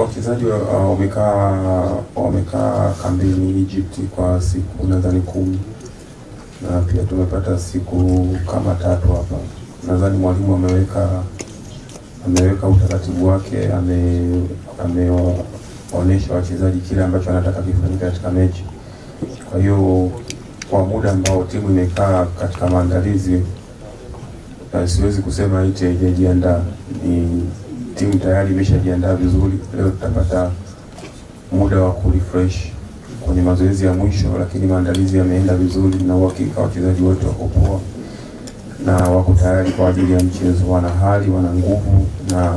wachezaji uh, wamekaa wamekaa kambini Egypt kwa siku nadhani kumi na pia tumepata siku kama tatu hapa. Nadhani mwalimu ameweka ameweka utaratibu wake, ameonyesha wachezaji kile ambacho anataka kifanyike katika mechi. Kwa hiyo kwa muda ambao timu imekaa katika maandalizi, uh, siwezi kusema ite haijajiandaa ni timu tayari imeshajiandaa vizuri. Leo tutapata muda wa kurefresh kwenye mazoezi ya mwisho, lakini maandalizi yameenda vizuri na uhakika wachezaji wote wako poa na wako tayari kwa ajili ya mchezo. Wana hali, wana nguvu na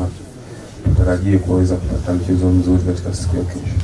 tutarajie kuweza kupata mchezo mzuri katika siku ya kesho.